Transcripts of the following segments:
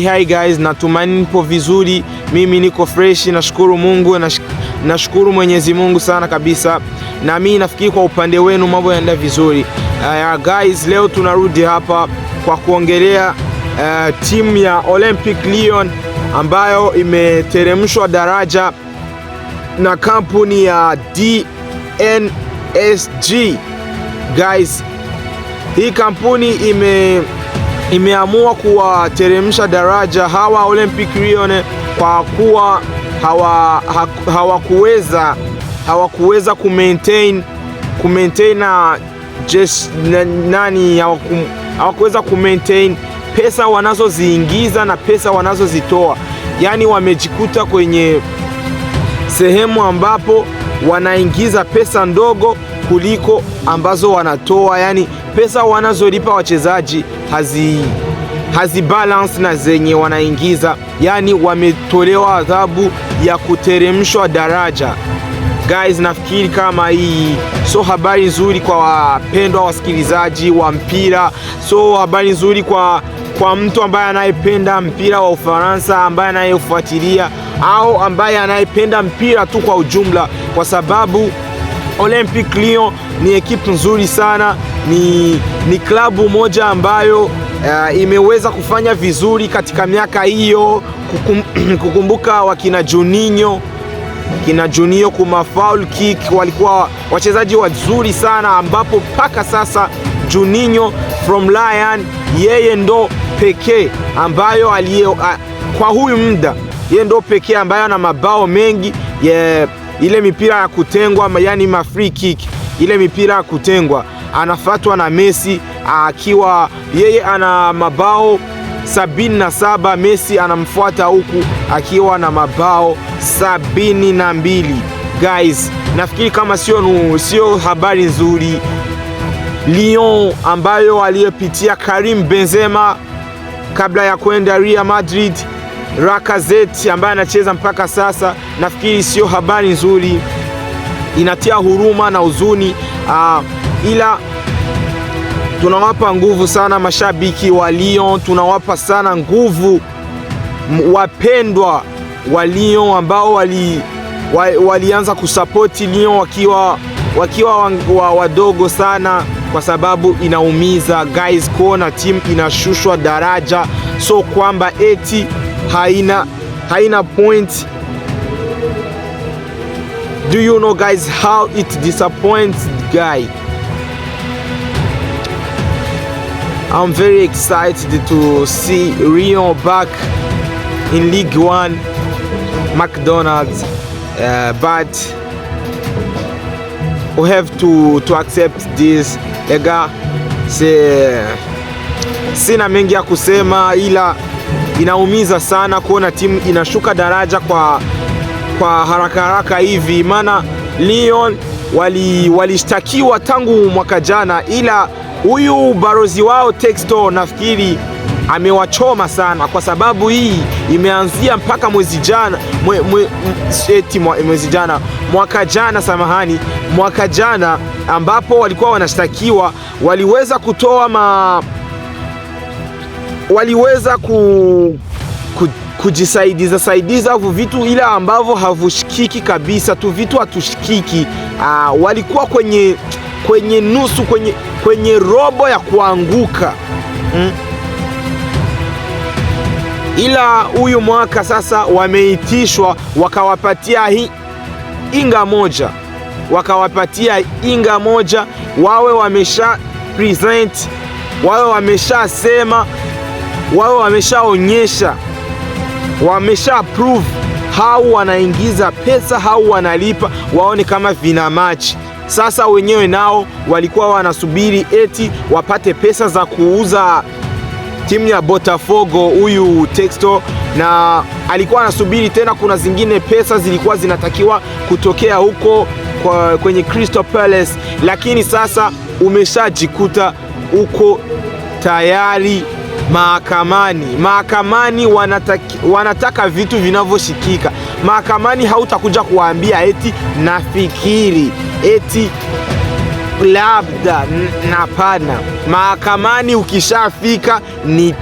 Hey, hi guys, natumaini nipo vizuri. Mimi niko fresh, nashukuru Mungu, na nashukuru Mwenyezi Mungu sana kabisa, na mimi nafikiri kwa upande wenu mambo yanaenda vizuri. Uh, guys, leo tunarudi hapa kwa kuongelea uh, timu ya Olympic Lyon ambayo imeteremshwa daraja na kampuni ya DNSG. Guys, hii kampuni ime imeamua kuwateremsha daraja hawa Olympic Lyon kwa kuwa hawakuweza hawa hawakuweza ku maintain na jeshi na, nani hawakuweza maintain pesa wanazoziingiza na pesa wanazozitoa, yaani wamejikuta kwenye sehemu ambapo wanaingiza pesa ndogo kuliko ambazo wanatoa, yani pesa wanazolipa wachezaji hazi balance na zenye wanaingiza, yani wametolewa adhabu ya kuteremshwa daraja. Guys, nafikiri kama hii so habari nzuri kwa wapendwa wasikilizaji wa mpira, so habari nzuri kwa, kwa mtu ambaye anayependa mpira wa Ufaransa, ambaye anayefuatilia au ambaye anayependa mpira tu kwa ujumla, kwa sababu Olympic Lyon ni ekipu nzuri sana, ni, ni klabu moja ambayo uh, imeweza kufanya vizuri katika miaka hiyo kukum, kukumbuka wakina Juninho kina Juninho kuma foul kick walikuwa wachezaji wazuri sana, ambapo mpaka sasa Juninho from Lyon yeye ndo pekee ambayo aliye, kwa huyu muda yeye ndo pekee ambayo ana mabao mengi yeah ile mipira ya kutengwa yani ma free kick, ile mipira ya kutengwa anafatwa na Messi akiwa yeye ana mabao 77 Messi anamfuata huku akiwa na mabao 72. Guys, nafikiri kama sio sio habari nzuri. Lyon ambayo aliyepitia Karim Benzema kabla ya kwenda Real Madrid Lacazette ambaye anacheza mpaka sasa, nafikiri sio habari nzuri, inatia huruma na huzuni uh, ila tunawapa nguvu sana mashabiki wa Lyon, tunawapa sana nguvu wapendwa wa Lyon ambao wali walianza kusapoti Lyon wakiwa wakiwa wadogo sana, kwa sababu inaumiza guys, kuona timu inashushwa daraja, so kwamba eti haina haina point. Do you know guys how it disappoints guy? I'm very excited to see rion back in League One, McDonald's, uh, but we have to to accept this. se sina mengi ya kusema ila inaumiza sana kuona timu inashuka daraja kwa, kwa haraka haraka hivi, maana Lyon walishtakiwa wali tangu mwaka jana, ila huyu barozi wao texto nafikiri amewachoma sana, kwa sababu hii imeanzia mpaka mwezi jana mwe, mwe, eti mwezi jana mwaka jana samahani, mwaka jana ambapo walikuwa wanashtakiwa waliweza kutoa ma waliweza ku, ku, kujisaidiza saidiza vitu ile ambavyo havushikiki kabisa tu, vitu hatushikiki. Uh, walikuwa kwenye kwenye nusu kwenye, kwenye robo ya kuanguka mm. Ila huyu mwaka sasa wameitishwa wakawapatia hi, inga moja wakawapatia inga moja wawe wamesha present wawe wameshasema wao wameshaonyesha, wamesha prove hao wanaingiza pesa hao wanalipa, waone kama vina machi. Sasa wenyewe nao walikuwa wanasubiri eti wapate pesa za kuuza timu ya Botafogo huyu Texto, na alikuwa anasubiri tena. Kuna zingine pesa zilikuwa zinatakiwa kutokea huko kwa, kwenye Crystal Palace, lakini sasa umeshajikuta uko tayari mahakamani. Mahakamani wanataka, wanataka vitu vinavyoshikika. Mahakamani hautakuja kuwaambia eti nafikiri, eti labda napana Mahakamani ukishafika ni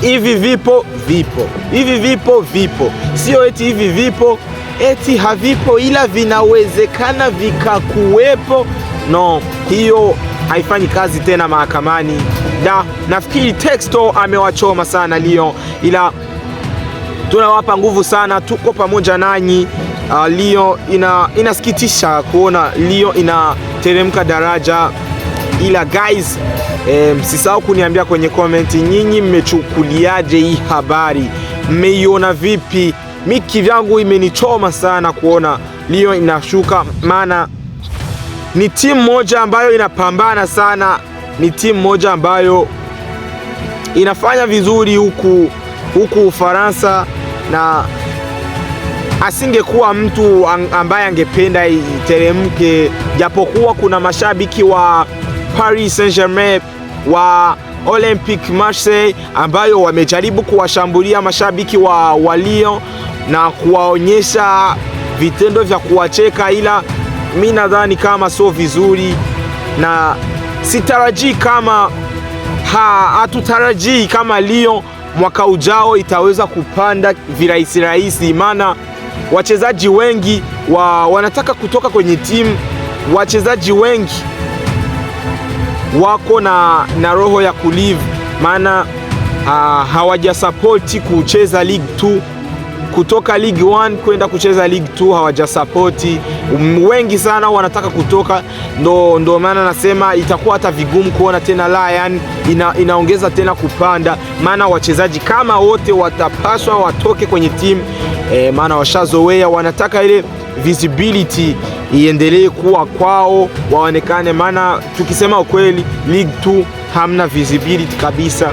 hivi vipo vipo, hivi vipo vipo, sio eti hivi vipo eti havipo, ila vinawezekana vikakuwepo. No, hiyo haifanyi kazi tena mahakamani na nafikiri Texto amewachoma sana Lyon, ila tunawapa nguvu sana, tuko pamoja nanyi. Uh, ah, Lyon ina inasikitisha kuona Lyon inateremka daraja, ila guys eh, msisahau kuniambia kwenye comment nyinyi mmechukuliaje hii habari, mmeiona vipi? Mi kivyangu imenichoma sana kuona Lyon inashuka, maana ni timu moja ambayo inapambana sana ni timu moja ambayo inafanya vizuri huku huku Ufaransa, na asingekuwa mtu ambaye angependa iteremke, japokuwa kuna mashabiki wa Paris Saint-Germain wa Olympique Marseille ambayo wamejaribu kuwashambulia mashabiki wa, wa Lyon na kuwaonyesha vitendo vya kuwacheka, ila mi nadhani kama sio vizuri na sitarajii kama hatutarajii kama Lyon mwaka ujao itaweza kupanda virahisi rahisi, maana wachezaji wengi wa, wanataka kutoka kwenye timu. Wachezaji wengi wako na, na roho ya kulive maana ah, hawajasapoti kucheza Ligue tu kutoka League 1 kwenda kucheza League 2 hawajasapoti um, wengi sana, wanataka kutoka. Ndo, ndo maana nasema itakuwa hata vigumu kuona tena Lion ina, inaongeza tena kupanda, maana wachezaji kama wote watapaswa watoke kwenye timu e, eh, maana washazoea, wanataka ile visibility iendelee kuwa kwao, waonekane. Maana tukisema ukweli, League 2 hamna visibility kabisa,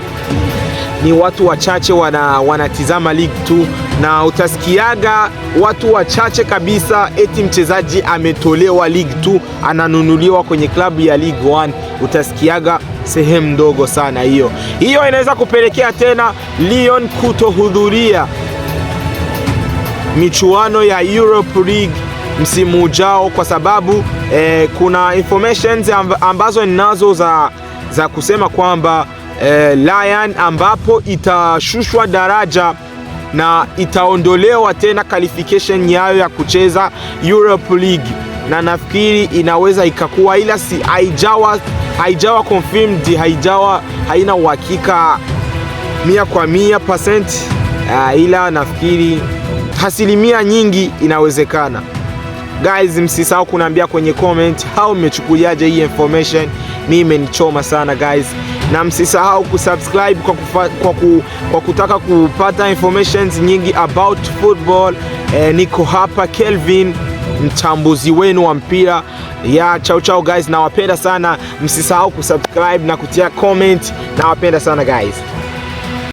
ni watu wachache wanatizama League 2 na utasikiaga watu wachache kabisa, eti mchezaji ametolewa ligi tu ananunuliwa kwenye klabu ya League 1. Utasikiaga sehemu ndogo sana hiyo. Hiyo inaweza kupelekea tena Lyon kutohudhuria michuano ya Europe League msimu ujao kwa sababu eh, kuna informations ambazo ninazo za, za kusema kwamba eh, Lyon ambapo itashushwa daraja na itaondolewa tena qualification yayo ya kucheza Europe League, na nafikiri inaweza ikakuwa, ila si haijawa haijawa confirmed, haijawa haina uhakika mia kwa mia percent, uh, ila nafikiri asilimia nyingi inawezekana. Guys, msisahau kuniambia kwenye comment, hao mmechukuliaje hii information? Mimi imenichoma sana guys na msisahau kusubscribe kwa, kufa, kwa, ku, kwa kutaka kupata informations nyingi about football. E, niko hapa Kelvin mchambuzi wenu wa mpira ya chao chao guys, nawapenda sana, msisahau kusubscribe na kutia comment, nawapenda sana guys.